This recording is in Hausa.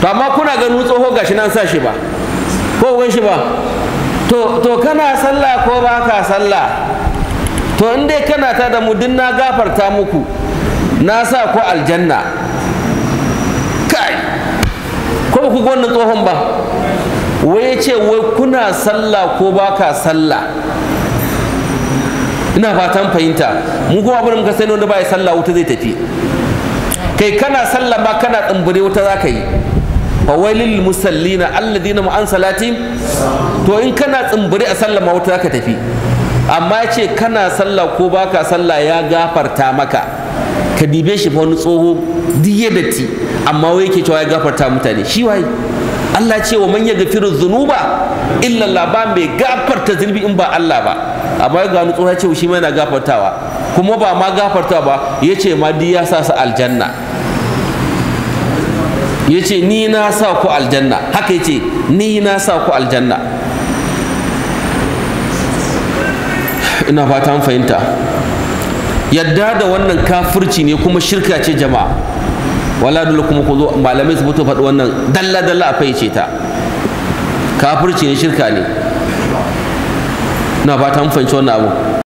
to amma kuna ganin tsoho gashi nan sa shi ba ko gan shi ba to to kana sallah ko ba ka sallah to in dai kana ta da mu na gafarta muku na sa ku aljanna kai ko ku ga wannan tsohon ba wai ce wai kuna sallah ko ba ka sallah ina fatan fahimta mu kuma abin muka sani wanda ba ya sallah wuta zai tafi kai kana sallah ba kana tsumbure wuta za ka yi fawailil musallina alladina mu an to in kana tsumburi a sallah ma wuta ka tafi amma ya ce kana sallah ko baka sallah ya gafarta maka ka dibe shi fa wani tsoho diye ti. amma wai yake cewa ya gafarta mutane shi waye Allah ce wa man ya zunuba illa laba mai gafarta zunubi in ba Allah ba amma ya gano tsoho ya ce shi ma yana gafartawa kuma ba ma gafartawa ba ya ce ma diya ya sa su aljanna ya ce ni na sa ku aljanna haka ya ce ni na sa ku aljanna ina fata an fahimta yadda da wannan kafirci ne kuma shirka ce jama'a wala dole kuma ku zo malamai su fito faɗi wannan dalla dalla a fayyace ta kafirci ne shirka ne ina fata an fahimci wannan abu